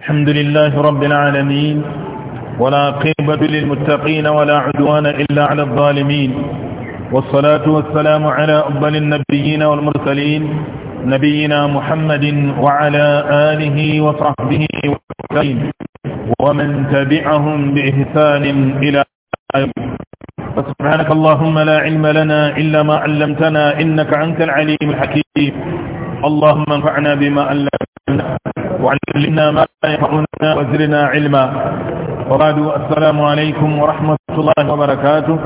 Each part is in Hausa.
الحمد لله رب العالمين ولا قيبة للمتقين ولا عدوان إلا على الظالمين والصلاة والسلام على أفضل النبيين والمرسلين نبينا محمد وعلى آله وصحبه وسلم ومن تبعهم بإحسان إلى سبحانك اللهم لا علم لنا إلا ما علمتنا إنك أنت العليم الحكيم اللهم انفعنا بما علمتنا وعلمنا ما ينفعنا وزرنا علما وبعد السلام عليكم ورحمة الله وبركاته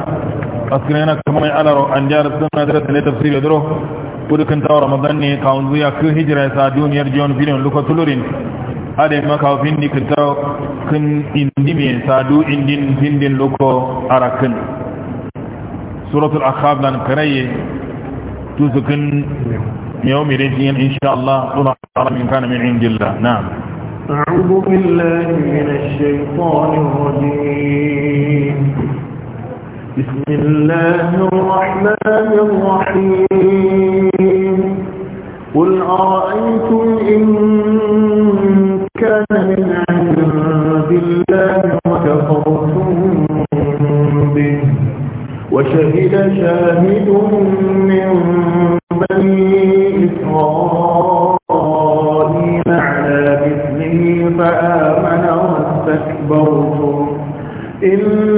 أسكننا كما على أنجار السنة درس لتفسير يدره ودكن تور رمضان ني كاون زيا كو هجرة سا دونيار جون فيلون لوكو تولورين هذا ما كاو فين دي كتاو كن اندي سادو سا دو اندين فين دين لوكو اراكن سورة الأخاب لان كريه توسكن يوم الاثنين إن شاء الله طلع من كان من عند الله نعم أعوذ بالله من الشيطان الرجيم بسم الله الرحمن الرحيم قل أرأيتم إن كان من عند الله وكفرتم به وشهد شاهد من بني el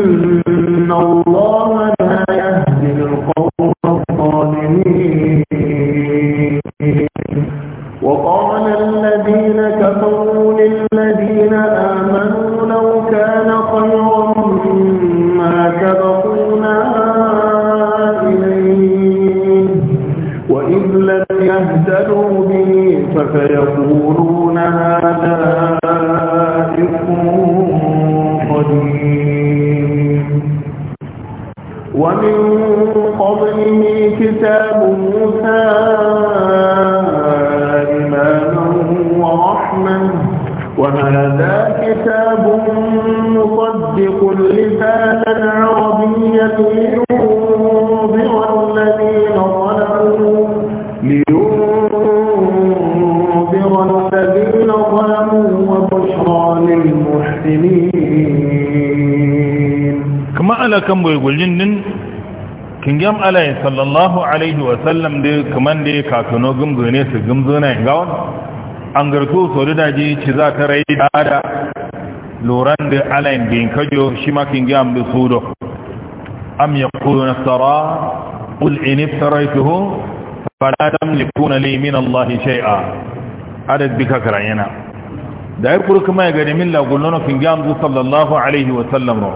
sallallahu alaihi wasallam da kaman da kakano gumzo ne su gumzo na ingawon an garto so da ji ci za ta rai da da loran da alayin bin kajo shi makin gyan bi sudo am ya kudu na tsara ƙul ini tsaraituhu fara tamlikuna li min allahi shai'a adad bi kakara yana da ya kuru kuma ya gani min lagullon kin gyan zu sallallahu alaihi wasallam ro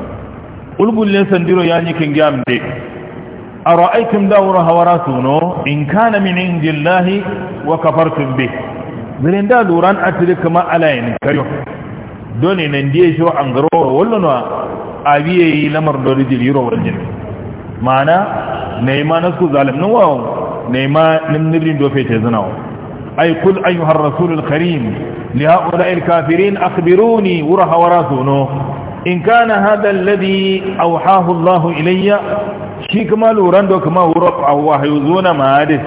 ulgullin sandiro ya yi kin gyan da ara'aytum dawra hawaratuno in kana min indillahi wa kafartum bih bilin da duran atri kuma alayni kayo doni nan die jo an garo wallan wa abiye yi lamar dori dil yuro wajin mana neima na su zalim nan wawo neima nan nirin dofe te zanawo ay kul ayyuhar rasulul karim li ha'ula'il kafirin akhbiruni wa hawaratuno in kana hada alladhi awhahu Allahu ilayya shi kuma luran da kuma wurab aw wahyuzuna ma hadis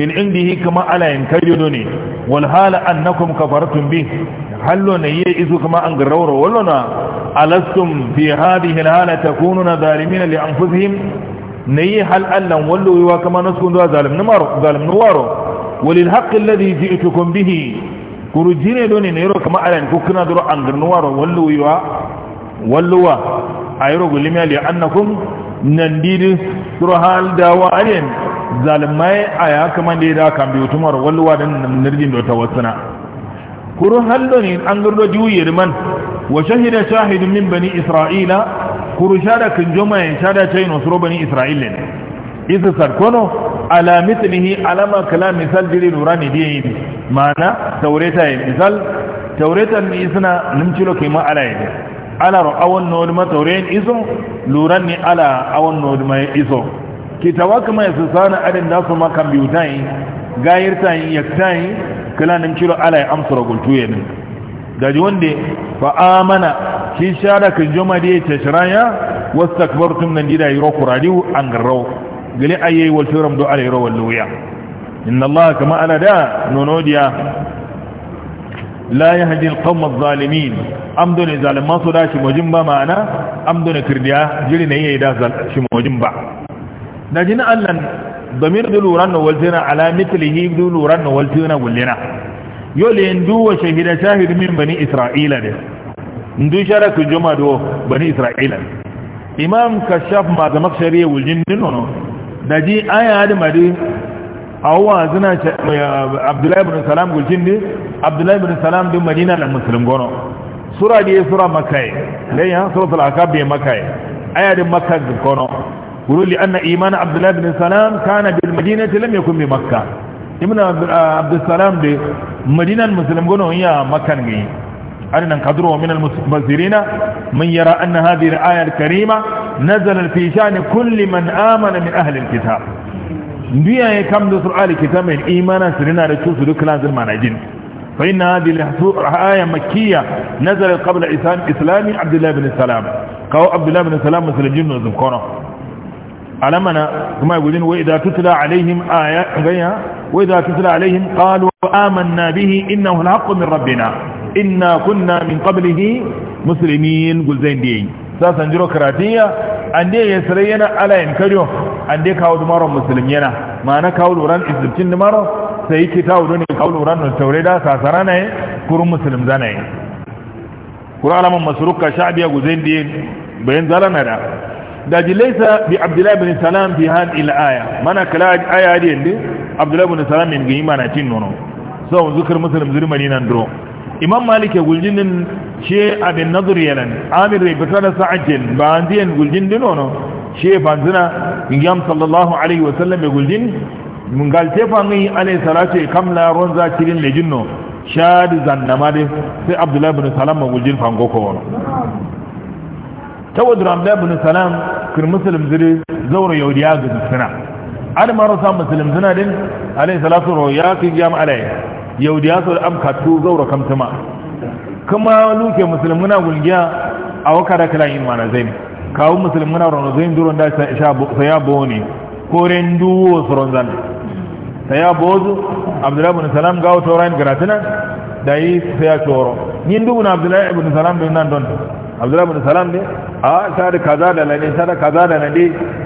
min indihi kama ala yankayudu ne wal hala annakum kafartum bih hallo ne yi izu kuma an garawro wallona alastum fi hadhihi al hala takununa zalimin li anfusihim ne hal allan wallo yuwa kama naskun da zalim numar zalim nuwaro walil haqqi alladhi ji'tukum bihi kurujine doni ne yaro kama ala yankuna duro an garnuwaro wallo yuwa walluwa ayro gulimiya li annakum nandidi surhal dawa anen zalimai aya kaman da da kan biyu tumar walluwa don nirjin da tawassuna kuru halloni an gurdo juyi man wa shahida shahidun min bani isra'ila kuru shada kan joma ya shada tayin wasu bani isra'ila ne isa sarkono ala mithlihi alama kala misal jiri nurani diye mana taureta ya misal tauretan ni isna nimcilo kima ala ya ala awon no ma iso luran ni ala awon no ma iso kitawa kuma yasu sana adin da su makan biyutai gayir tayin yaktai kala nan ciro ala ya amsura gultu ya nan daji wanda fa amana shi shara kan joma da ya tashiraya wasu takbartum nan gida yi roku radiyu an garrau gali ayyai wal do ala yi rawar lauya inna allaha kama ala da diya. la yahdi alqawm adh amdo ne zaliman su da shi mojin ba ma'ana amdo ne kirdiya jiri ne yayi da shi mojin ba na jin allan damir du luran na waltina ala mithlihi du luran na waltina gullina le ndu wa shahida shahid min bani isra'ila de ndu ku juma do bani isra'ila imam kashaf ma da makshari wuljin dinono da ji aya da madi awwa zina abdullahi ibn salam guljin di abdullahi ibn salam din madina da muslim gono sura diye sura makkay lay han suratul akab be makkay aya din makka kono guru li anna iman abdullah ibn salam kana bil madinati lam bi makka ibn uh, abdul salam de madinan muslim gono ya makkan ngi أننا قدروا من المبذرين من يرى أن هذه ayar karima نزل في شان كل من آمن من أهل ya kam da sur'ali kitamin imana su rina da cusu duk lazin manajin فإن هذه الآية مكية نزلت قبل إسلام عبد الله بن السلام قال عبد الله بن السلام مثل الجن وذكره علمنا كما يقولون وإذا تتلى عليهم آية وإذا تتلى عليهم قالوا آمنا به إنه الحق من ربنا إنا كنا من قبله مسلمين قل زين دي ساسا جروكراتية كراتية عندي يسرينا على إنكاريو عندي كاود مرة مسلمين ما نكاود كاود وران إزبتين مرة sai kita wudu ne kawo luran da saurai da sasara ne kurun musulun zana yi kura alaman masurukka sha biya guzen diye bayan zara na da da ji laisa bi abdullahi bin salam fi han ila aya mana kala aya da yadda abdullahi bin salam min gani mana cin nono sau zukar musulun zirmani nan duro imam malike guljinin she abin nazar yalan amir rai fitar da sa'ajin ba an ziyan guljin dinono she banzina in yam sallallahu alaihi wasallam ya guljin mun galte tefa ngi alai salatu kam la ron zakirin le jinno shad zan de sai abdullah ibn salam ma gujin fango ko wono tawadra abdullah ibn salam kir muslim zuri zawra yaudiya ga sana an ma rasa muslim zuna din alayhi salatu ro ya ki jam alayhi yaudiya so am katu zawra kam tuma kuma luke muna gulgiya a wakara kala in mana zain kawo muna ron zain duron da sha ya boni koren duwo soron zan sai ya bozu abdullahi ibn salam ga wato rayin garatina da yi sai ya coro ni ndu na abdullahi ibn salam bin nan don abdullahi ibn salam ne a sai kaza da lane sai kaza da lane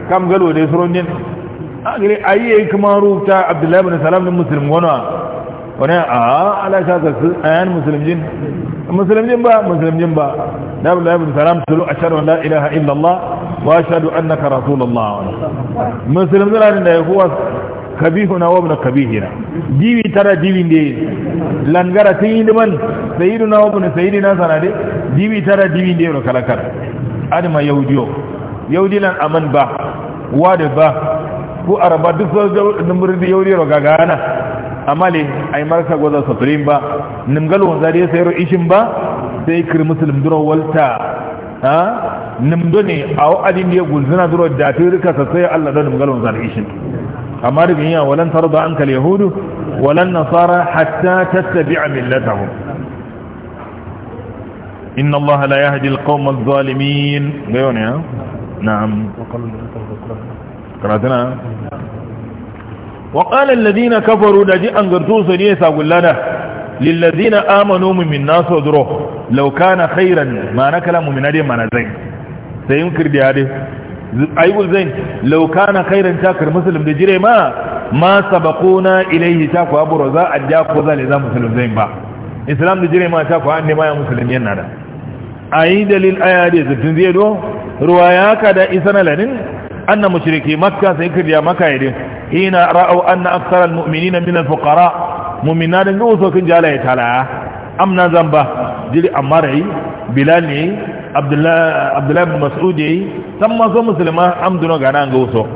kam galo ne suron din agire ayi kuma rubuta abdullahi ibn salam ne muslim wana wana a ala shaka su ayan muslimin muslimin ba muslimin ba da abdullahi ibn salam tulu ashhadu an la ilaha illa allah wa ashhadu annaka rasulullah muslimin da ne kuwa kabihuna wa ibn kabihina diwi tara jiwi ne langara tin yi man sayyiduna wa ibn sayyidina sanade diwi tara jiwi ne ro kala kala adama yahudiyo yahudilan aman ba wa ba ku araba duk so numur di yaudi ro gagana amali ay marka goza sotrim ba nimgal wanda dai sayro ishin ba sai kir muslim duro walta ha nimdo ne a adin ya gulzana duro da ta sai Allah da nimgal wanda ishin عمار بن هيا ولن ترضى عنك اليهود ولا النصارى حتى تتبع ملتهم إن الله لا يهدي القوم الظالمين غيوني نعم قرأتنا وقال الذين كفروا لجي أنقرتوا سنيسا قلنا للذين آمنوا من الناس ودروه لو كان خيرا ما نكلم من ادم ما نزين سينكر بهذه ayyul zain law kana khairan takar muslim da jire ma ma sabaquna ilayhi taku abu raza adda ko zale za muslim zain ba islam da jire ma taku an ne ma ya muslim yana da ayi dalil aya da zatin zai do ruwaya ka da na lanin anna mushriki makka sai kirya makka yadin hina ra'au anna aktsara almu'minina min alfuqara mu'minina da gosokin jalaye tala amna zamba jiri amma rai bilal ne abdullahi bin mas'ud yi san ma musulma amduno ga nan ga so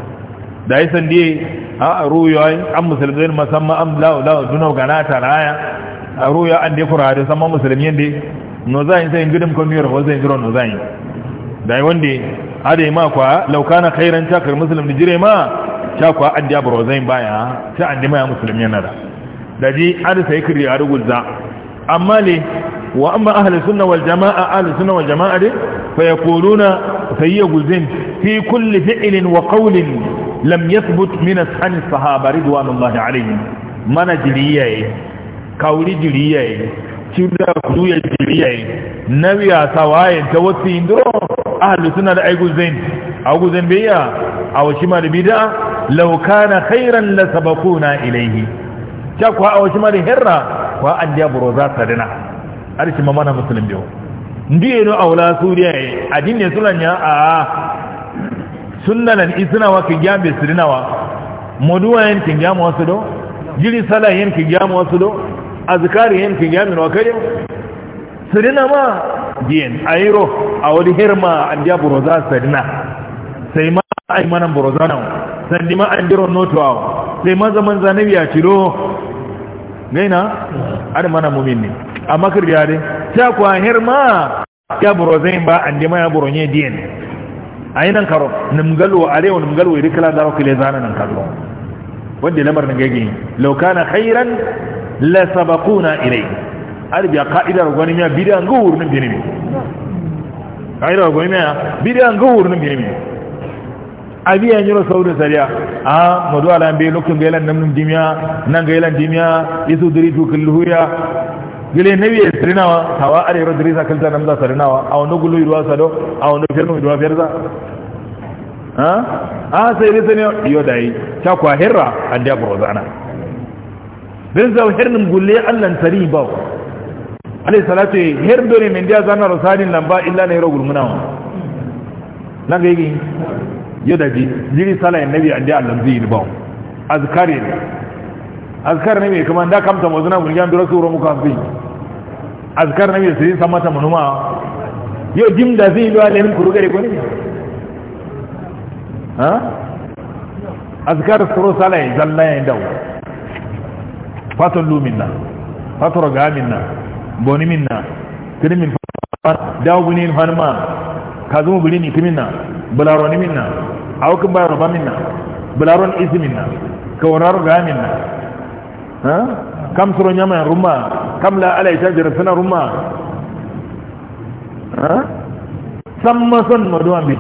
da yi san diye a ruyoyi an musulmi ma san ma amdullahi la duno gana na taraya a ruyoyi an dai kura da saman musulmi yadda no zai sai gidim ko miyar ko zai giro no zai da yi wanda da ma makwa lauka na kairan cakar muslim da jire ma cakwa an diya bro zai baya ta dima ya musulmi yana da da ji hada sai kiri a rugulza amma ne wa an ba ahlus sunna wal jamaa ahlus sunna wal jamaa dai fa yaquluna sayyi guzin fi kulli fi'lin wa qawlin lam yathbut min ashan sahaba ridwanullahi alaihim mana jiriyaye kauri jiriyaye biya kuduya jiriyaye nabiya sawaye tawassi indro ahlus sunna da aiguzin aiguzin biya aw shima da bid'a law kana khairan la sabaquna ilayhi ta ku aw ma da hirra wa an jabro za sadina arshi mamana musulun biyu ndiye no aula suriya e sunan ya a sunnalan isna wa kijabe sirina wa moduwa ki kijamu wasu do jiri sala ki kijamu wasu do azkari ki kijamu wa kare sirina ma diyen ayro awli hirma andiya buroza sirina sai ma ay manan burozana sai ma andiro noto aw sai ma zaman zanabi ya ciro gaina ada mana mumin ni amma kirya dai ta kwa herma ya buro zai ba ande dima ya buro ne diyen. ayi nan karo nimgalo arewa nimgalo iri kala da wakile zana nan karo wanda lamar nan gege law kana khairan la sabaquna ilay arbi qa'idar gwanin ya bidan gowur nan binimi qa'idar gwanin ya bidan gowur nan binimi abi ya nyiro saudu sariya a madu ala be lokum gelan yalan nan dimiya nan gelan yalan dimiya isu diri tu ya gele nabi ya wa tawa are ro diri sa kalta nan za sirinawa a wono gulu ruwa sado aw no ferno ruwa ferza ha a sai risa ne yo dai ta kwa hirra an da burozana bin zau hirnin gulle allan tari ba alayhi salatu hirdore min da zana sanin lamba illa ne ro gulmunawa nan ga yadaji jiri sala annabi andi al ba wa. azkari azkar ne mai kuma da kamta mazuna mun yan dura sura muka fi azkar ne mai sai samata munuma Yau jim da zai yi ba da yin kurugare ko ne ha azkar sura sala zalla ya dawo lumin na fatara ga na, boni minna tirimin dawo gunin hanma kazumu bulini na, bularoni na. awokin ba raba minna bularon izi minna kawararru ga Kam kamsuro nyama ya rumma Kam la ita jira suna rumma samma son maduwa biyu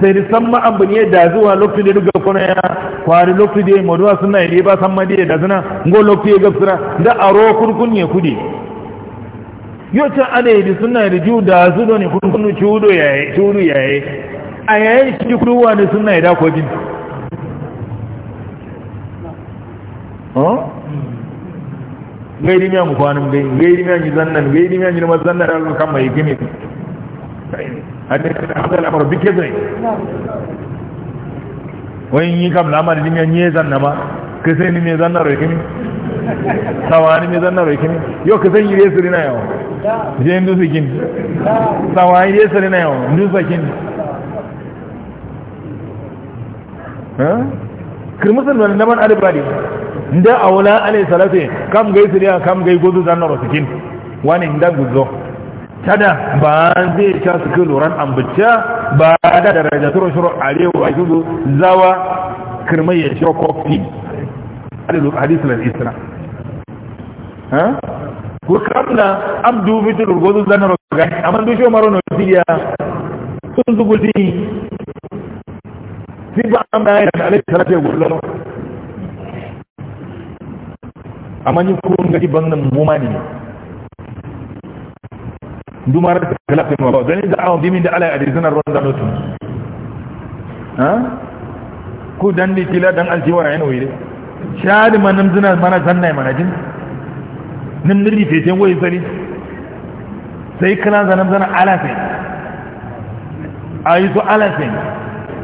sai da samma abu ne da zuwa lokci da duk gafuna ya kwari lokci da ya maduwa suna yi ba samma da ya da suna ngo lokci ya gafuna da aro kun kurkun ya kudi yau can ana yi da suna yi da ju da su ne kurkun ciwudu yaye a yayin shi kuruwa ne suna ya dako jin gairi miya mukwanin dai gairi miya yi zannan gairi miya yi zannan mazannan ɗan kan mai gini hadin da haɗa bi ke zai wani yi kam lamar jin yan yi zanna ma ka sai ni mai zannan rai kini sawani mai zannan rai yau ka sai yi resuri na yawa je ndusa kini yi resuri na yawa ndusa kini kirmusan wani naman alibadi da a wula alai salatu kam gai siriya kam gai gozu zanen rasikin wani da guzo tada ba zai ca su kai loran ambaciya ba da daraja turo shiro arewa a shudu zawa kirmai ya shiro kofi hadisul isra ko kamna abdu mitul gozu zanen rasikin amma dushe maro na siriya sun zubuti shi ba an bayan da alaihi salatu ya gudu amma ni kun ga ibn nan muma ne dumar da kalafin ba zan da awon bimin da alai adizanar ruwan mutum ha ku dan ni kila dan aljiwa yana wuri ma manan zina mana sannai mana jin nan nirri fete wai sani sai kana zanan zana alafin ayi su alafin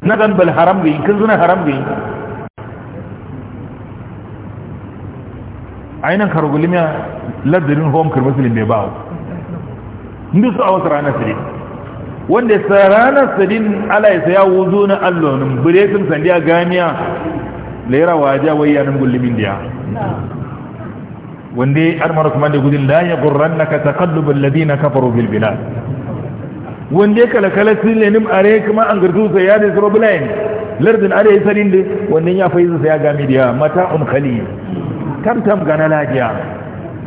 nagan bal haram gay kan zuna haram gay ainan karugulimiya lardirin home kar musulun bai bawo ndu su a wasu ranar sadin wanda sa ranar sadin ala ya saya wuzo na allonin biretin sandiya ganiya laira waje wayanin gullumin diya wanda ya armar kuma da gudun la ya gurran na ka taƙallubin ladina kafaru bilbilad wanda kala kala silenim are kuma an gartu sai ya da problem lardin are sanin da wanda ya faizu sai ya gami da mata um khali tam tam gana ma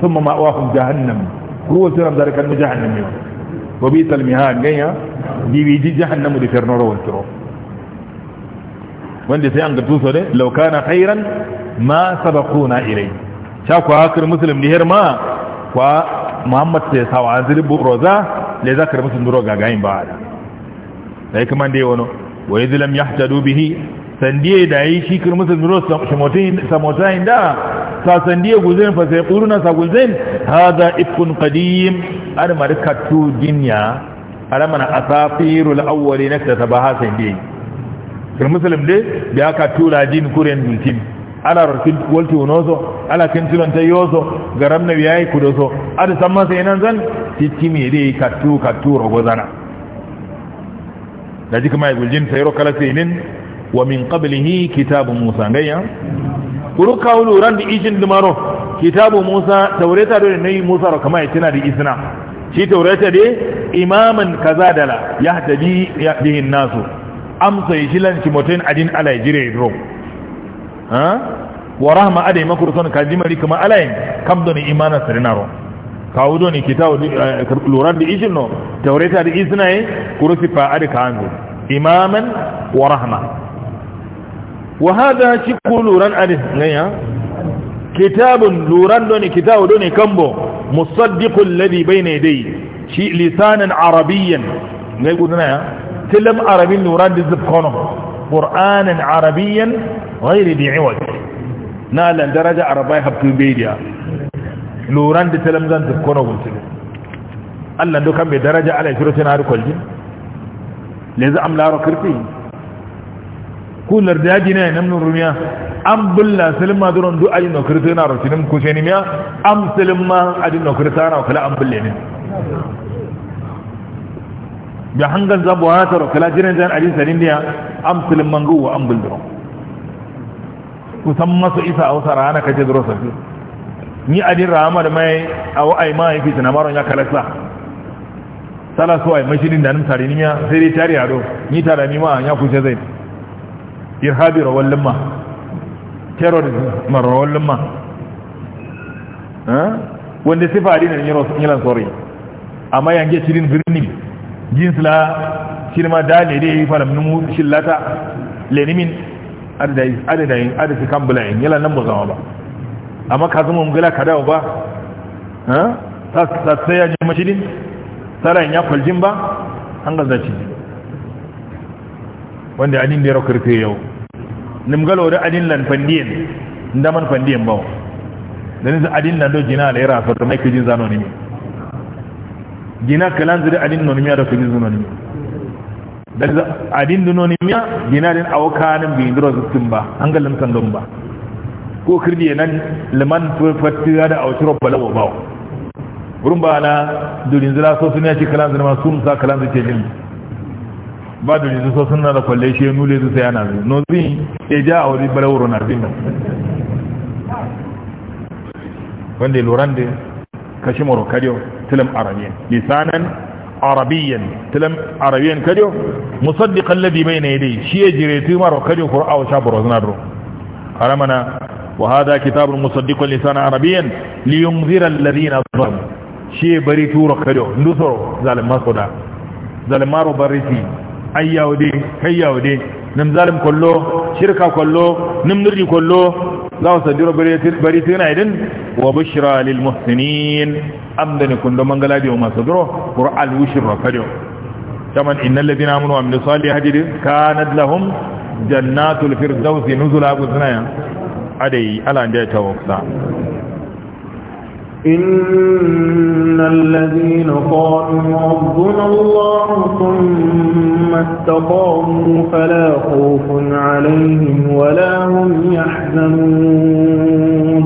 thumma kun jahannam ruwa kan zarkan jahannam yau wa bi talmihan ganya dibiji jahannamu da tarnoro wa tiro wanda sai an gartu sai law kana khairan ma sabaquna ilay cha ku hakir muslim ne har ma kwa muhammad sai sawa azribu roza le ka musu duro gagayin ba da sai kuma dai wano wa idh lam yahtadu bihi sandiye da yi shi kir musu duro samotai da sa sandiye guzen fa sai quruna sa guzen hada ifkun qadim ar markatu jinya alamana asafirul awwalin katabaha sandiye kir muslim dai da kattu tura jin kuren dulkin ala rakid walti unoso ala kentilon ta yoso garam na yayi kudoso ada samma sai nan zan titi me dai kattu kattu rogozana da jika mai guljin sayro kala sinin wa min qablihi kitabu musa gaya kuru kawulu ran da ijin dumaro kitabu musa taurata da nayi musa ro kama yatina da isna shi taurata dai imaman kaza dala yahtadi bihi nasu amsa yijilan kimotin adin ala jire ro ha ورحمة أدي ما كرسون كديم لي كما ألين كم دوني إيمانا سرناه كاودوني كتاب آه، لوران دي إيشنو تورية دي إيشنا إيه كرسي بع أدي كانو إماما ورحمة وهذا شكو لوران أدي نيا كتاب لوران دوني كتاب دوني كمبو مصدق الذي بين يدي شيء لسانا عربيا نقولنا تلم عربي لوران دي زبقونه قرآن عربيا غير دي عوج na lan daraja arabai habtu bediya loran da talam zan tukona guntulo Allah duka mai be daraja ala shiro tana har kolji le za am la Ku kirti kular daji ne nan nun rumiya am bulla salima duron du ayi no kirti na ro tinin ku sheni miya am salima adin no kirti na kala am bulle ne ya hangal zabo ta ro kula jiran zan adin sanin ne am salima go wa am bulle Ku san masu isa a wata rana ka ce zuro ni a din rama da mai a wa'ai ma yake tana maron ya kalasa sala so ai mashirin da nan tare ni ya sai dai tare yaro ni tare ni ma ya kuce zai irhabi rawal lamma terrorism marawal lamma eh wanda sifa a ne yaro sun yalan sori amma yange cirin birni jins la shirma da ne dai falam numu shillata lenimin adadayin adadi kan bulayin yala nan mu zama ba amma ka zama mugula ka dawo ba ta tsaya ne mashidin tsaran ya kwaljin ba an gaza ci wanda anin da ya raukarfe yau nimgalo da adin lan daman fandiyan ba da nisa adin lan jina da ya rafa da maikajin zano ne jina kalan zira adin nonimiya da kajin zano ne da adin noni miya dinarin awakanin bi duro sun ba an ga lamsan don ba ko kirdi nan liman ya da rabba lawa ba. wurin ba na dulin zira so sun yaci kalan zama sun sa kalan zai jin ba durin zira so sun na da kwalle shi nule su yana zuwa zu no zin e ja awri balawo na bin wanda loran da kashi morokadiyo tilam arabiya lisanan عربيا تلم عربيا كديو مصدق الذي بين يديه شيء جريتي مرو كديو قرأ أو شابر وزنادرو أرمنا وهذا كتاب مصدق لسان عربيا لينذر الذين ظلموا شيء بريتو ركديو ندثرو ظالم صدا ظالم مارو بريتي أي يهودي كي يهودي نم ظالم كله شركة كله نم نرجي كله لا أصدر بريتنا إذن وبشرى للمحسنين amdane amdani kundo mangala biyo masudro qur al yushra kadiyo kaman innal ladina amanu wa amilus salihati kanat lahum jannatul firdausi nuzula gusnaya adai ala nda ta waksa إن الذين قالوا ربنا الله ثم استقاموا فلا خوف عليهم ولا هم يحزنون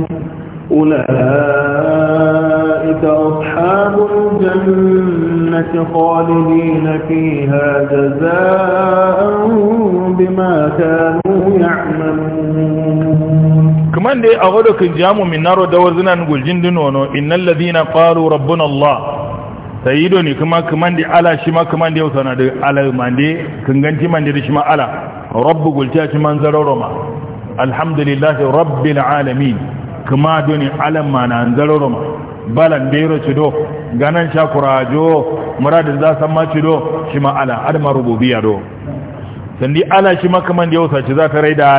أولئك أولئك أصحاب الجنة خالدين فيها جزاء بما كانوا يعملون كمان دي أغلق الجام من نار دوزنا نقول جند ونو إن الذين قالوا ربنا الله sayidoni kuma kaman di ala shi ma kaman di yauta na da alamande kanganci mande da ala rabbu gulta shi man zararo rabbil alamin kuma doni alam na zararo balan bero cido ganan sha kurajo muradin za san ma cido shi ma ala adama rububiya do sandi ala shi kaman da yau sace za ta rai da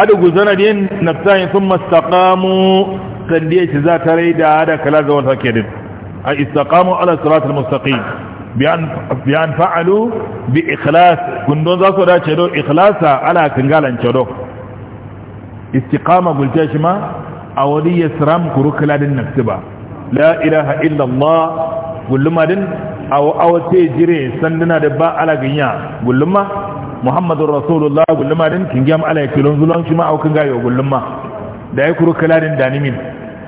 adu guzana din nafsayin sun mastakamu sandi ya ci za ta rai da kala ga wata ke din. a istaqamu ala al mustaqim bi an fa'alu bi ikhlas gundon za su da cido ikhlasa ala kangalan cido istiqama gulta shi ma siram kuru kurukla din ba la ilaha illa gulluma din aw aw te jire sanduna da ba ala ganya gulluma muhammadur rasulullah gulluma din kingam ala kilon zulon shi ma aw kan gayo gulluma da ya kula din danimin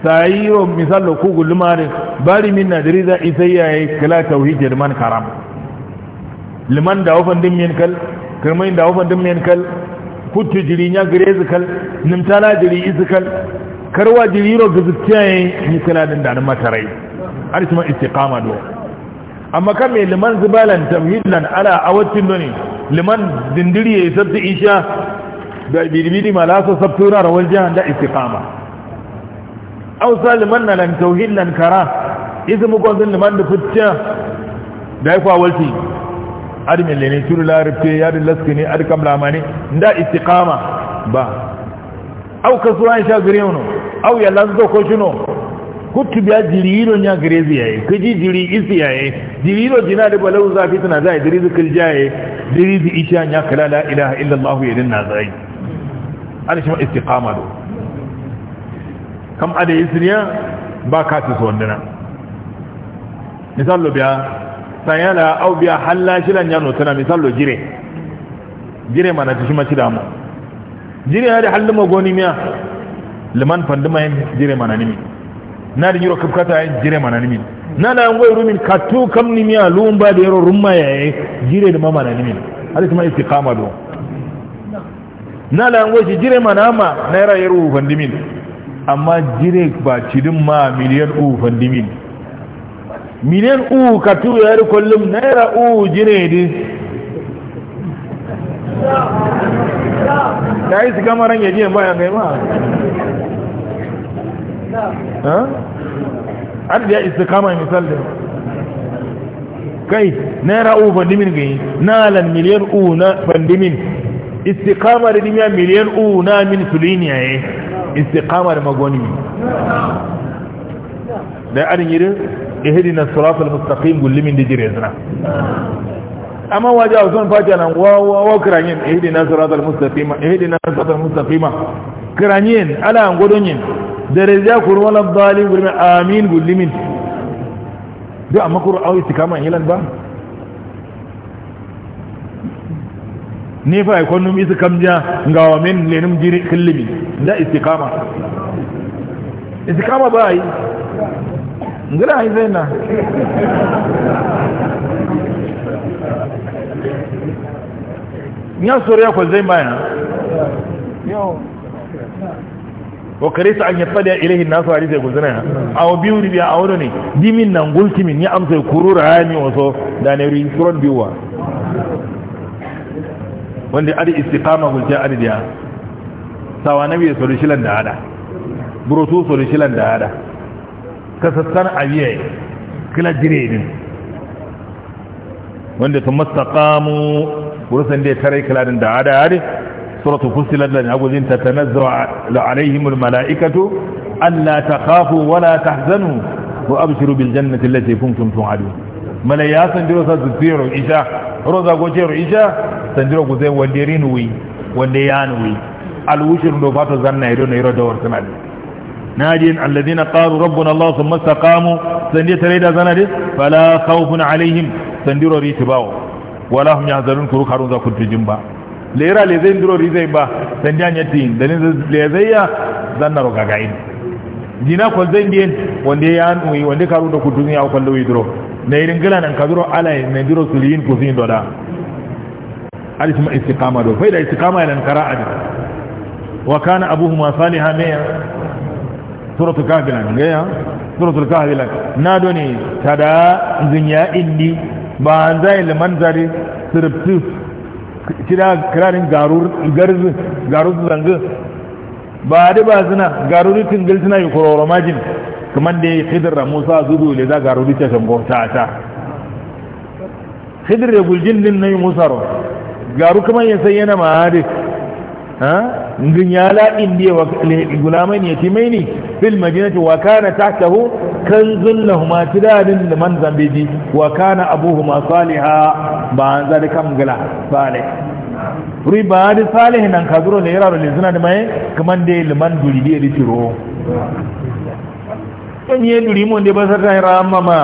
sayo misal ku gulluma din bari min nadiri za isayya ya kala tauhidin man karam liman da wafan din min kal kirmai da wafan din min kal kuttu jiri nya grezikal nimtala jiri izikal karwa jiriro gizitiyayen yi kuladin da na matarai har shi ma istiqama do amma kan mai liman zubalan tamhilan ala awacin doni liman dindiri ya yi sabta isha da bidibidi ma lasa sabtura rawar jihar da istiqama ausa liman na lan kara isi mukonsin liman da fitiya da ya walti, admin lene turu larifte yadin laskini adkam lamani da istiqama ba au kasuwa sha gire no au ya lanzo ko shino kutu biya jiriro nya grezi yayi kaji jiri isi yaye jiriro jina da balau za fitna zai dirizu kiljaye dirizu isha nya kala la ilaha illallah ya yadin na zai an shi istiqama do kam ada isriya ba ka ta so wandana misallo biya sayala au biya halla shilan nya no tana misallo jire jire mana ta shi ma ci damu jire ya da halin goni miya liman ma yin jire mana nimi na da yiro kafkata yin jire mana nimi na da an goyi rumin katu kam nimi a luwun ba da yaro rumma ya yi jire da mama na nimi hali kuma kama do na da an goyi shi jire mana ma na yara yaro fandu dimin amma jire ba cidin ma miliyan fandu dimin miliyan uku katu ya yi kullum naira uku jire din da yi su gama ran yaji ba ya gaima har da ya isa kama misal da kai naira uku fandimin gani nalan miliyan uku na fandimin istikamar dimiya miliyan uku na min suliniya ya istikamar magonimi da yarin yirin na suratul mustaqim gullimin da zina amma waje a son fata nan wawawa kiranyen ihdina siratal mustaqima ihdina siratal mustaqima kiranyen ala an yin da rezia kuru wala dalil gurmi amin gullimin da amma kuru au istikama hilan ba ne fa isi kamja ga wa min lenin jiri kallibi, da istikama istikama ba yi ngira na. ya soro yako zai bayana yo o kareta an yafa da ilahi nasu hadisi ku zana a o biyu biya a wuri ne dimin nan min, ya amsa kuru kurura ne wasu. da ne ri biyu wa? wanda adi istiqama gulta adi da sawa nabi ya soro shilan da ada burutu soro shilan da ada kasassan aliye kila jire ne wanda tumastaqamu ورسن دي تري كلادن دا عادة عادة سورة فصلت لن أقول إن تتنزل عليهم الملائكة ألا تخافوا ولا تحزنوا وأبشروا بالجنة التي كنتم توعدون ملايا سنجرو سنجرو إشاء روزا قجرو إشاء سنجرو قزين والديرينوي والديانوي الوشر نوفاتو زنة يرون يرون دور سمعني ناجين الذين قالوا ربنا الله ثم استقاموا سنجي تريد زنة فلا خوف عليهم سنجرو ريتباو wala hum yahzarun kuru karun za kun tijin ba le le zai ndiro rizai ba dan dan yati dan le zai ya dan naro gagain dina ko zai ndien wanda ya nui wanda karu da kutun ya ko wi dro ne irin gila nan ka dro alai ne dro suliyin ku zin doda alisma istiqama do faida istiqama nan qira'a wa kana abuhuma salihan min suratul kahf nan gaya suratul kahf na do ni tada zinya indi ba zai liman zare siriptif kira kirarin garuru zangin ba da ba suna garuru tingil suna yi kororo majin kamar da ya yi hidir da musa zuzu ne za garuru ta shango ta ta hidir ya guljin din na yi ro. garu kamar ya sai yana mahadi ngin ya laɗin biya wa gulamai ne timai ne fil majinati wa kana tahtahu kanzun lahuma tidarin da man zambiji wa kana abuhuma saliha ba an zari kam gila salih riba da salih nan kaduro ne ne suna da mai kaman da liman duri da yadda tiro in yi duri mun da ba sarta yin rama ma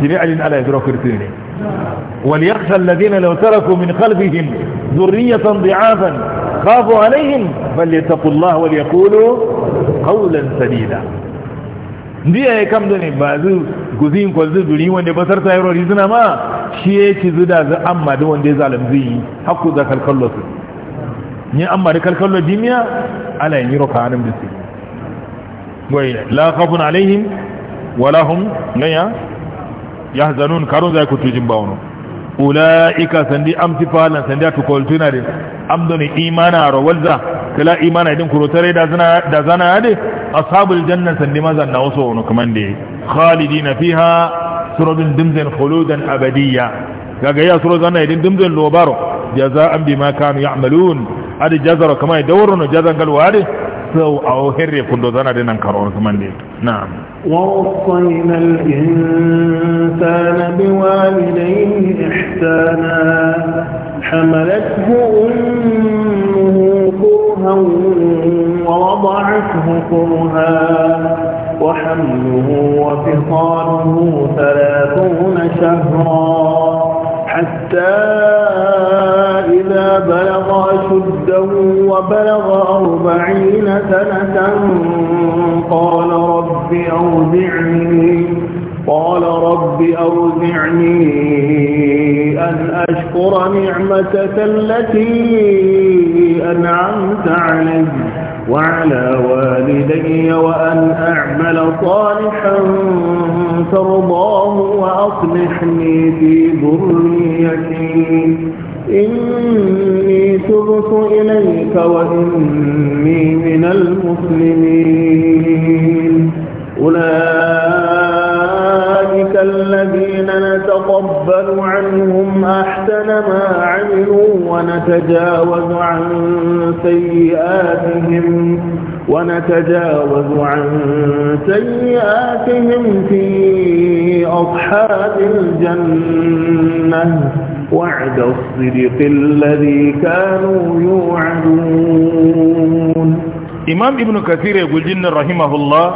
jini alin ala ya zura kirti ne wal yakhsha alladhina law taraku min khalfihim dhurriyatan dha'afan khafu alaihim falyattaqullaha wal yaqulu qawlan ndiye ya kam da ne ba zu guzin ko zu duri wanda ba sarta yaro rizuna ma shi ya ci zu da zu amma da wanda ya zalim zu yi hakku da kalkallo su ni amma da kalkallo dimiya ala yin yiro kanin da su goyi la khafun alaihim wala hum ganya yahzanun karun zai ku tujin bawono ulaika sandi amsi falan sandi to koltuna da amdoni imana rawalza kala imana idin kurotare da zana da zana de أصحاب الجنة لماذا نوصون كمان دي خالدين فيها سورة دمزن خلودا أبدية كأي سرد أنا يدين دمزن لوبارو جزاء بما كانوا يعملون هذه جزر كما يدورون جزا قالوا هذه سوء أو هر يكون دوزانا دي ننكرون كمان دي نعم ووصينا الإنسان بوالديه إحسانا حملته أمه كرها ووضعته كرها وحمله وفصاله ثلاثون شهرا حتى إذا بلغ أشده وبلغ أربعين سنة قال رب أوزعني قال رب أوزعني أن أشكر نعمتك التي أنعمت علي وعلى والدي وأن أعمل صالحا ترضاه وأصلحني في ذريتي إني تبت إليك وإني من المسلمين ونتجاوز عن سيئاتهم ونتجاوز عن سيئاتهم في أصحاب الجنة وعد الصدق الذي كانوا يوعدون إمام ابن كثير يقول جن رحمه الله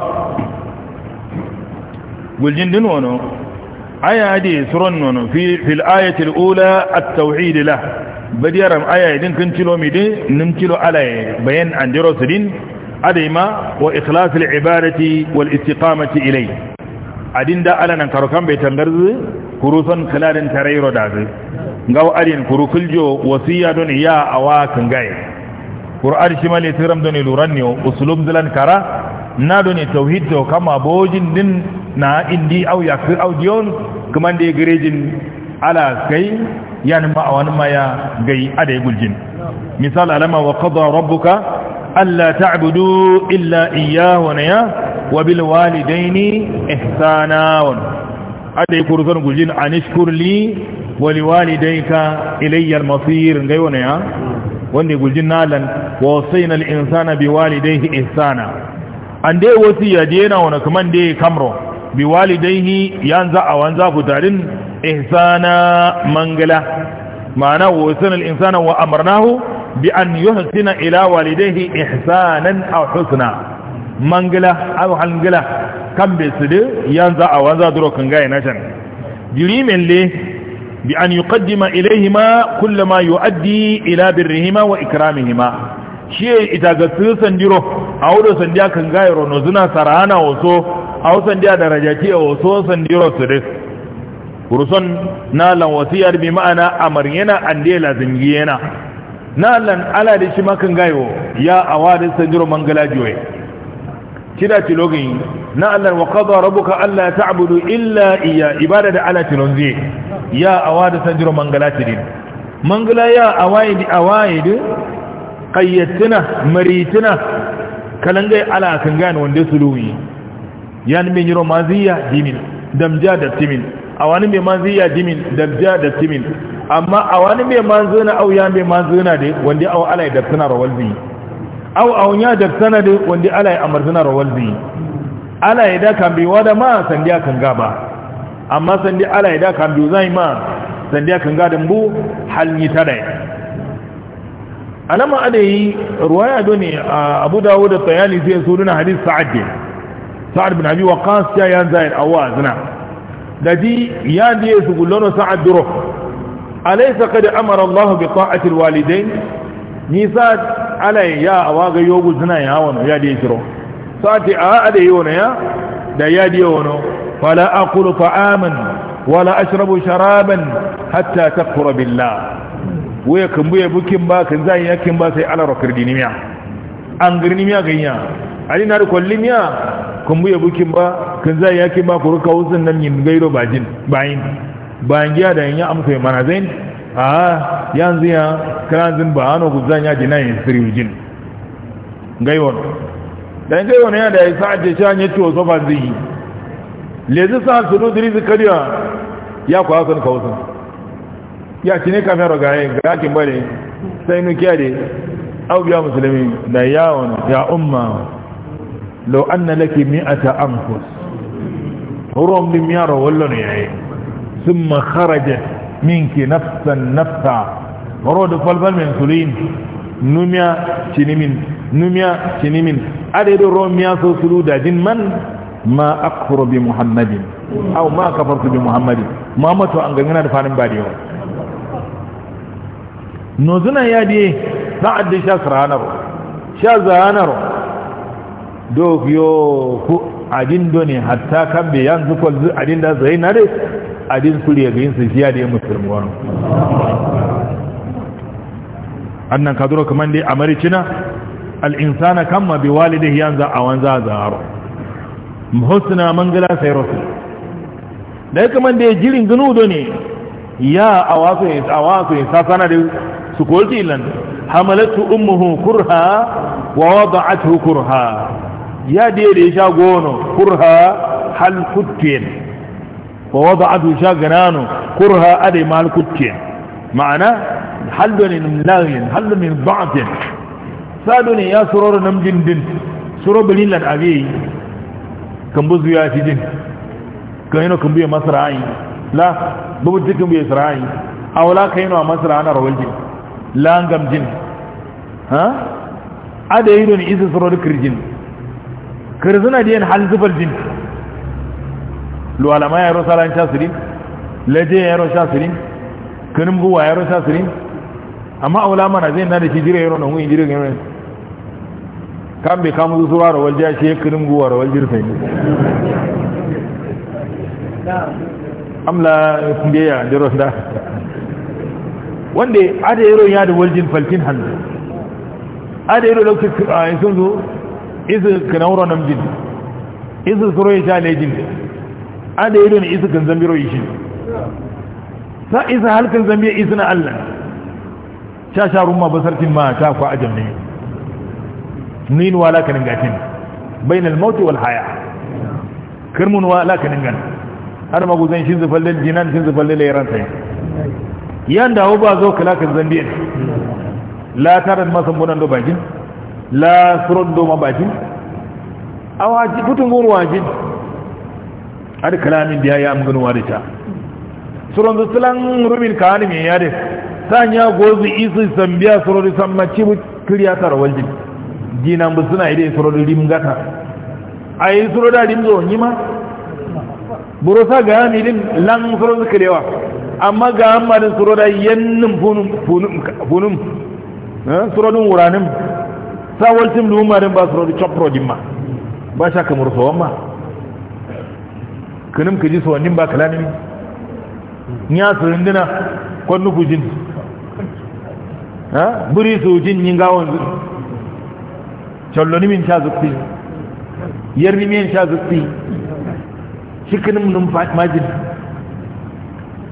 يقول جن ونو آية هذه سرن في, في الآية الأولى التوحيد له badiyaram aya idin kin kilo mi de nim kilo alay bayan andiro sidin adima wa ikhlas al ibadati wal istiqamati ilay adin da alanan karokan bai tangarzu kurusan kalalin tarayro da zai ngaw alin kurukuljo wasiya don ya awa kan gaye qur'an shimali tiram don luranni uslub zalan kara na don tauhid to kama bojin din na indi au yak au dion kuma de gerejin ala kai yani ma a wani ma ya gai ada ya guljin misal alama wa qada Allah ta ta'budu illa iyyahu ya wa bil walidaini ihsana ada ya kuruzan guljin anishkur li wa li walidayka ilayya al masir gai wani ya wanda guljin nalan wa na al insana bi walidayhi ihsana an dai wasiya dai yana wani kaman dai kamro bi walidayhi yanza a wanza futarin ihsana mangala ma'ana wa husna insana wa amarnahu bi an yuhsina ila walidaihi ihsanan aw husna mangala aw hangala kan be su de yanzu a wanza duro kan gaya na can jirimin le bi an yuqaddima ilayhima kullama yuaddi ila birrihima wa ikramihima shi ita ga su sandiro a wurin sandiya kan gaya rono zuna sarana waso a wasan da darajaci a waso sandiro su dai lan wasu wasiyar bi ma'ana amar yana ande lazim yana lan ala da shi makan gayo ya awari sanjiro mangala joye kida na Allah wa qada rabbuka alla ta'budu illa iya ibada da ala tilonzi ya awari sanjiro mangala din mangala ya awaidi da qayyatina maritina kalangai ala kan gane wanda suluwi yan min yiro maziya dimin damja da timin a wani mai manzi ya dimin biya da timin amma a wani mai manzo na au ya mai manzo na dai wanda au ala ya dabtana rawalzi au au ya dabtana dai wanda ala ya amarzana rawalzi ala ya da kan biwa da ma sandiya kan gaba amma sandi ala ya da kan biwa zai ma sandiya kan gaba bu halni ta dai alama adai ruwaya doni abu dawud da tayali sai sunna hadith sa'ad sa'ad bin abi waqas ya yan zaid awazna dadi yandi yesu gulono sa'ad duro alaysa qad amara allah bi ta'ati al walidain ni sa'ad alai ya awaga yogu zina ya wono ya de jiro sa'ati a ade yono ya da ya de wono fala aqulu ta'aman wala ashrabu sharaban hatta taqra billah waya kan buye bukin ba kan yakin ba sai ala an ganya ani nar kollimya kun buya bukin ba kun zai yake ba ku ruka wusun nan yin gairo bajin bayin bayan giya da yanya amsa mana zain a yanzu ya kan ba ano ku zan ya yin sirjin gaiwon dan gaiwon ya da isa je shan ya to so ban zai lezi sa su do diri zikariya ya ku hasan ka wusun ya cine kamera ga ga kin bare sai nukiya de au biya musulmi da yawon ya umma لو أن لك مئة أنفس هرم لم ولن يعي ثم خرجت منك نفسا نفسا هرود فالبال من سلين نميا تنمين نميا تنمين أدد روميا سلودا جن من ما أكفر بمحمد أو ما كفرت بمحمد ما متو أنغنغنا دفانن باديو نوزنا يا دي بعد شاسرانر شاسرانر دوك يو عدين دوني حتى كان بيان زكول عدين دا زينا دي عدين كولي يغين سيادة مسلم وانو أنن كدرو كمان دي أمري چنا الإنسان كما بوالده يانزا أوانزا زارو محسنا منغلا سيروسي لأيك من دي جيلين جنو دوني يا أواسو إنس أواسو إنس أسانا دي سكولتي إلا حملته أمه كرها ووضعته كرها ya da ya sha gono kurha hal kuttiyen wa a adu sha ganano kurha adai ma hal kuttiyen ma'ana hallunin lagin hallunin ba'atin sadu ne ya surar namjin din surar bililan abe kan bu ya fi din kan yana kan buye masra'ayi la babu cikin buye sara'ayi a wala kan yana masra'ana rawalji la gamjin ha ada don isa surar kirjin kirzuna yin hal zubal din luwalama yaro salan shasirin laje yaro shasirin kanin buwa yaro shasirin amma wula mana zai na da shi jira yaro na hun jira yaro kan bai kamu zuwa rawar jiya shi kanin buwa rawar jirfa ne amla kundeya jiros da wanda ada yaro ya da waljin falkin hannu ada yaro lokacin sun zo izu kanawro nam jin izu suro ya le jin a da irin izu kan zambiro yi sa izu halkan zambiya izu na Allah sha sha rumma basartin ma ta kwa ajam ne nin wala kanin gatin bainal maut wal haya kirmun wala kanin gan har maguzan shin zufallil jinan shin zufallil yaran sai yan dawo ba zo kala kan zambiya la tarar masan bunan do bakin la suraddu mabati aw haji futun gur wajid ad kalamin biya ya amganu wadita surandu sulan rubin kaani me yade sanya gozu isi sambiya surandu sammaci bu kriya tarwaljin dinan bu suna ide surandu rimgata ayi surandu rimzo nyima burusa ga milin lan surandu krewa amma ga amma da surandu yannin funum funum funum surandu wuranin sawol tim ɗum maren mbasrode coprojim ma mbaca kamoro sowan ma kanum kaji sowa ndimba kalanimi ñasoro ndina konnu kujin a mburi sojin ñingawon collonimin ca zuppi min ca zuppi sikkinum num majin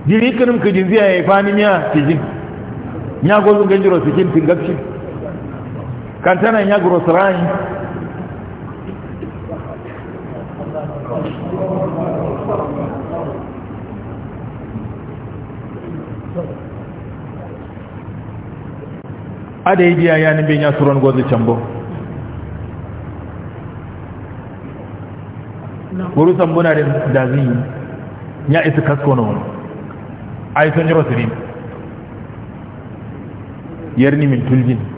jiri kanum kajin ziya e fanimiya kijin ñagolungenjiro sikin pingapcin kantanan ya gros rai ada yi biya yanin bin ya turon gozi cambo wuri sambuna da zini ya isa kaskono. na wani a yi son yi rosirin min tuljini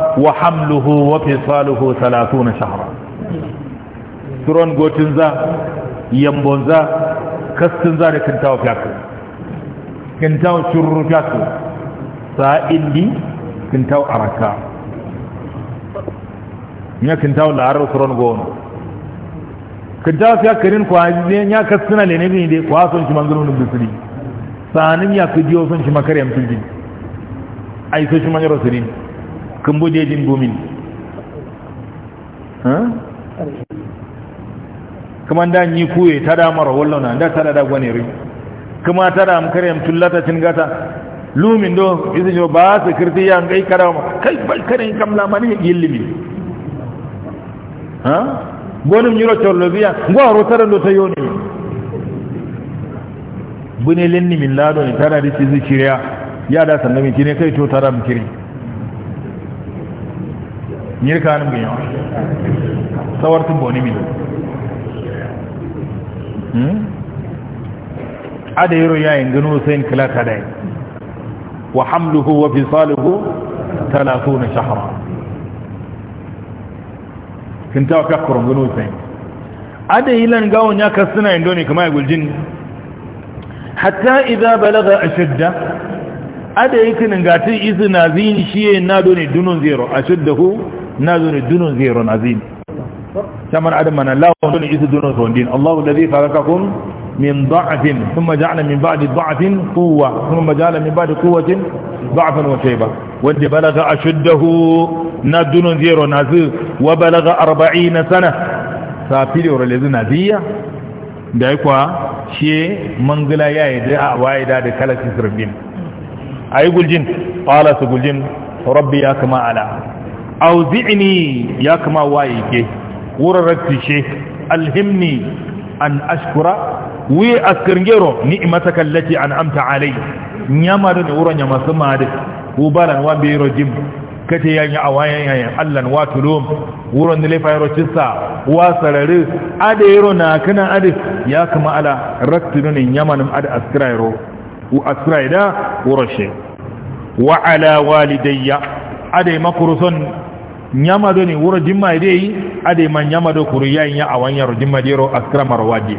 wa hamluhu wa fisaluhu 30 shahra turon gotin za yambon za kastin za da kintawo fiyaku kintawo shurru fiyaku sa'in di kintawo araka ya kintawa la'arar turon gona kintawa fiyakurin kwanin ya kastina ne da kwason shi manzanin bisiri sanin ya kujiyo sun shi makariyar tulbi a yi sun shi manyan rasulini jin bombing kuma da yi kuye ta damar wallona da ta da gwanere kuma ta da mkaryam tullata cin gata lumin do izin jo ba su kirti yan kai karama kai kam karin kamla mani yillimi ha gonum nyiro chorlobiya ngwa rotara do tayoni bune lenni min lado ni tara di cizi kiriya ya da sannan kine kai to tara mkiri ñirkaanum ngi ñoo sawartu boni mi hmm? ada yero yayi ngano sen kala kadai wa hamluhu wa fisaluhu 30 shahra kinta ka kurun ngano sen ada yilan gawo nya kasuna indoni kuma guljin hatta idza balaga ashadda ada yikin ngati izna zin shiye na doni dunun zero ashaddahu nazo ne dunun zairon azim kamar adam mana lawo ne isu dunun zondin allahu da zai farakakun min ba'afin sun majala min ba'adi ba'afin kuwa sun majala min kuwacin ba'afin wace ba wadda balaga a shuddahu na dunun zairon nazi wa balaga arba'i na sana sa fide wa lezi da ya kwa shi mangula ya yi da a da kalasi sirbin a yi guljin ƙwalasa guljin rabbi ya kama ala auzi'ni ya kama waye ke wurarratishe alhimni an ashkura wi askirgero ni'mataka allati an'amta alai nyamar ne wuran nyama sama da ubaran wa biro jim kace yanya awayan yayan allan wa tulum wuran ne lefa yaro cissa wa sarare ade yaro na kana ade ya kama ala raktunin yamanum ade askirairo u askiraida wurashe wa ala walidayya ade makurusun do ni wuro jimma e dai ade man do kuru yanya awanya ro jimma diro askramar waje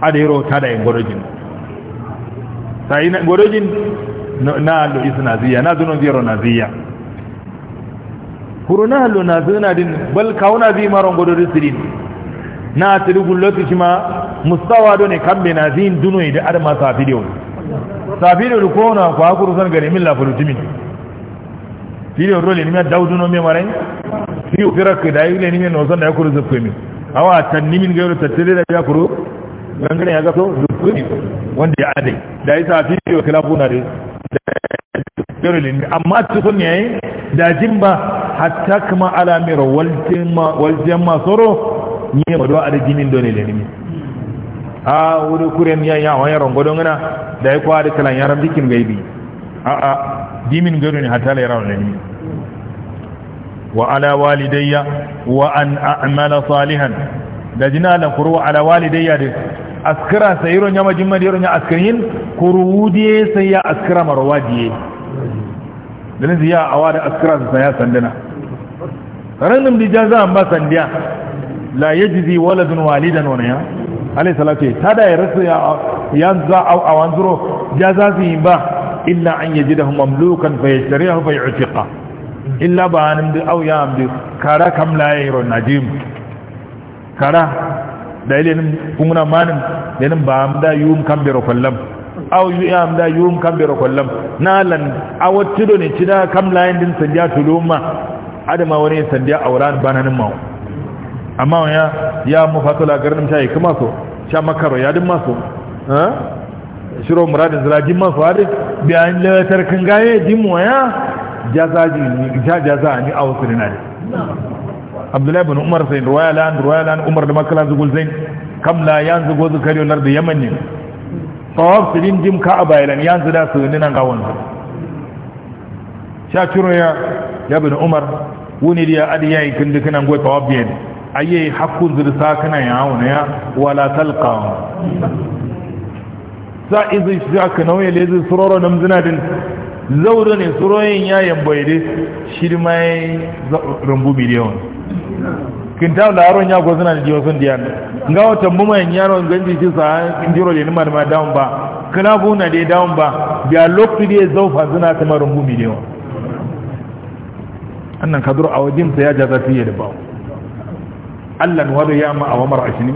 ade ro tada en gorojin sai na gorojin na lo isna ziya na duno diro na ziya kuru na lo na zuna din bal kauna zi maron godo sirin na tirugul lokaci ma mustawa do ne kambe na zin duno e da arma safidiyo safidiyo ko na kwa kuru san gare min la fulutimin tire ro le ni ma daudu no me marai ti o fira ke dai le ni me no zanda ko kuru zukku mi awa ni min ga tattare da ya kuro gangare ya gato to zukku mi wanda ya ade dai sa fi o kala kuna dai amma tukun ne da jimba hatta kuma ala mir wal wal jimma alamira waljen ni ma do da jimin do ne le ni a wuri kuren ya ya wayaron godon gana da ya kwa da kalan yaran jikin gaibi a a dimin ne hatta la yara ilmi wa ala walidayya wa an a'mala salihan da jina la kuru ala walidayya da askira sayiron ya majin madiyaron ya askirin kurudiye sai ya askira marwajiye dan ziya awa da askira su saya sandana ranin da jaza ba sandiya la yajzi waladun walidan wa ya alayhi salatu ta da ya rasu ya yanzu a wanzuro jaza su yi ba illa an yajidahu mamlukan fa yashtarihu fa yu'tiqa illa ba an bi aw ya kara kam la yi najim kara da dailen kunguna manin dailen ba am da yum kam bi rokollam aw yu am da yum kam na rokollam nalan awattido ne cida kam la yin din sanja tuluma adama wani sanja auran bananin mawo amma ya ya mufatula garin shayi kuma so sha makaro ya din maso shiro muradin zira jimman fari biyan lalatar kan gaye jimmo ya jazaji jaza ni a wasu rinari abdullahi bin umar sai ruwaya lan ruwaya lan umar da makala zugul zain kam la yan zugo zukari lar da yaman ne tawaf silin jim ka bayan yan zuda su ni nan gawon sha ciro ya ya bin umar wuni da adiyayi kin dukan go tawaf biyan ayyai hakkun zursa kana ya hauna ya wala talqa zai shi aka nauye lezi suroro zina din zauro ne suroyin ya yambaye dai shi ma ya rumbu miliyon kin ta da aron ya go zina da jiwasun diyan ga wata mumayen yaron ganji shi sa in jiro da nima da ma dawon ba kana buna da dawon ba biya lokaci da ya zaufa zina ta ma rumbu miliyon annan kadur a wajen sa ya jaza fiye da bawo Allah ne ya ma a wamar ashini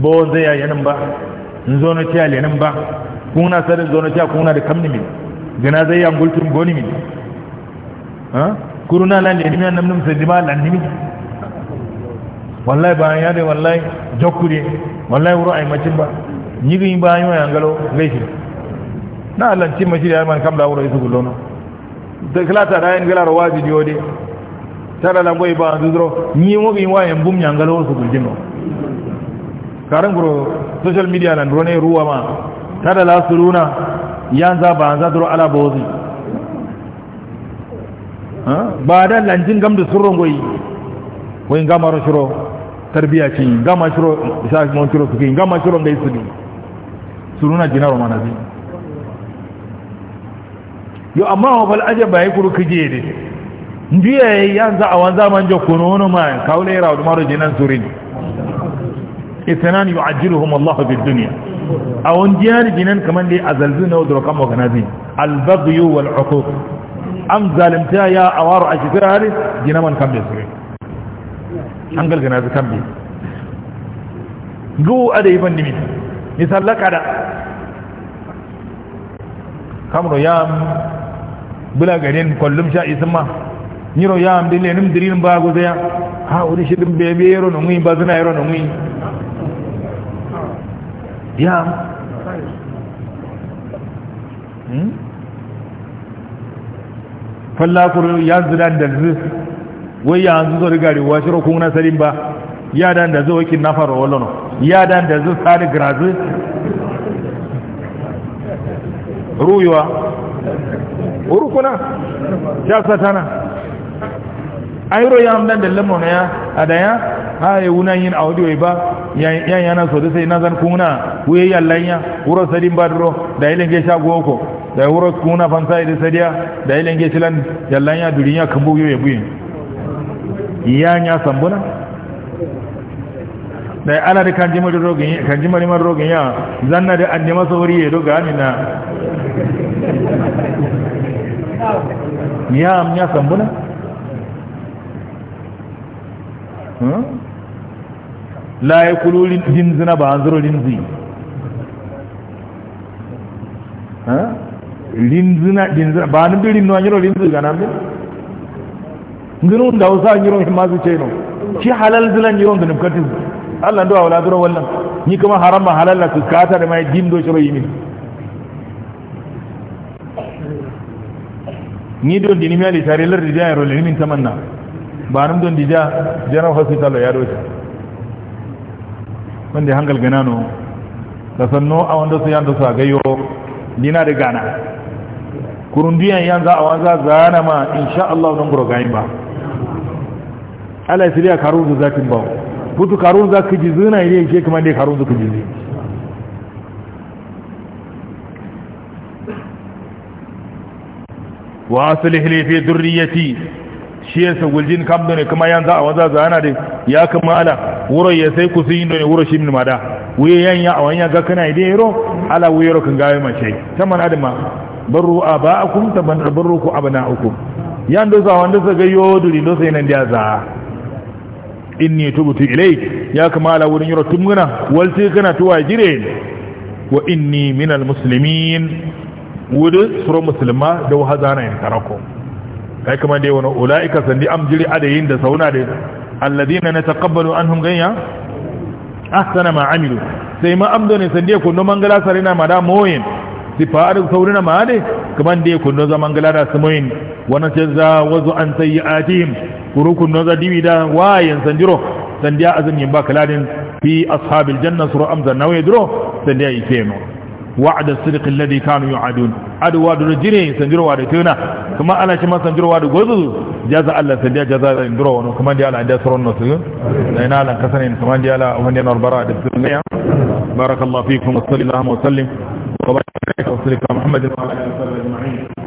ba wanda ya yanin ba in zono tiya lenin ba kuna sadin zono tiya kuna da kamni min gana zai yan gultun goni min kuruna lan lenin nan nan sai dima lan nimi wallahi ba ya da wallahi jokkure wallahi wuro ai macin ba nyigi ba yo yangalo gaisi na lan ci mashi da man kam da wuro isu gullono da kala da yin gala rawaji diode tara la boy ba zuzro nyi mo bi wa en bum yangalo su guljino karin guro social media nan drone ruwa ma kada la runa yanza ba anza duru ala bozi ba da lanjin gam da goyi goyi gama ro tarbiya ce gama shiro isa mon shiro suki gama shiro ngai sudi suruna jinaro mana zi yo amma wa bal ajaba yi kuru kije de ndiye yanzu awan zaman jo kunono ma kaule rawu maro jinan surin ithnan yu'ajjiluhum Allah fi dunya aw ndiyar jinan kaman dai azalzuna wa durakan wa kanazin al-baghy wal 'uquq am zalimta ya awar ashkar jinaman kan bi sirri an gal ganazi kan bi go ada iban dimi misallaka da bula garin kullum sha isma niro yam dilenim dirin ba gozaya ha wani shirin bebe yaro na mui ba zina yaro na mui dirham fallakur yanzu dan da zai wai yanzu zo riga riwa shiro kun na sarin ba ya dan da zo kin nafar wallono ya dan da sa da grazi ruwa urukuna ya satana ayro yam dan da lamona ya adaya ha wunan yin audio ba yan yana so da sai na zan kuna wuye yallanya wuro sadin badro da ilen ge shago ko da wuro kuna fansa da sadiya da ilen ge tilan yallanya duniya kan buyo ya buyin yan sambuna da ala da kanji mari rogin kanji mari mari rogin ya zanna da an nema sauri ya doga amina ya am nya sambuna hmm? la ya kulu dinzina ba an zuro dinzi linzina dinzina ba ni birin no anyiro linzi ga nan bin ngino da usa anyiro himma su ce no shi halal zilan anyiro da nubkatin Allah ndo wala duro wallan ni kuma haram ma halal la kata da mai din do shiro min. ni don dini mi ali tare lar dija yaro limin tamanna ba nan don dija janar hospital ya doce wanda hangal gana no da sanno a wanda su yanda su a gayo Dina da gana kurundiyan yanzu a wanzu zana ma insha Allah don gura gayin ba ala ya siriya karun su zatin ba putu karun za ka ji zina ile yake kuma dai karun su ka ji wa aslih li fi shi ya kam da ne kuma yanzu a waza za yana da ya kama ala wuro ya sai ku sun yi ne wuro shi min mada wuye yan ya a wani yanka kana idai yaro ala wuye yaro kan gawe mace ta man adama barru a ba a kun ta ban barru ku abu na uku yan dosa wanda sa gayo duri dosa yanan da za inni tubutu ilai ya kama ala wurin yaro tun gana walti kana tuwa jire wa inni minal muslimin wudu suro musulma da wahazana yin karako ai kuma dai wani ula'ika sandi amjiri adayin da sauna da alladina na taqabbalu anhum ganya ahsana ma amilu sai ma amdo ne sandi ko no mangala sarina ma da moyin sifar saurina ma ne kuma dai ko no zaman gala da samoyin wannan ce za wazu an sayyi'atihim kurukun no zadiwi da wayan sandiro sandi azmin ba kaladin fi ashabil janna sura amza nawe duro sandi ai kemo wa'ada sirqi alladhi kanu yu'adun adwa da jire sanjirwa da tuna kuma ana shi man sanjirwa da gozu jaza Allah sandiya jaza da indiro wono kuma da Allah da saron nasu da ina lan kasane kuma da Allah wanda yana barbara da sunniya barakallahu fikum wa sallallahu wa sallim wa baraka ala muhammadin wa ala alihi wa sahbihi ajma'in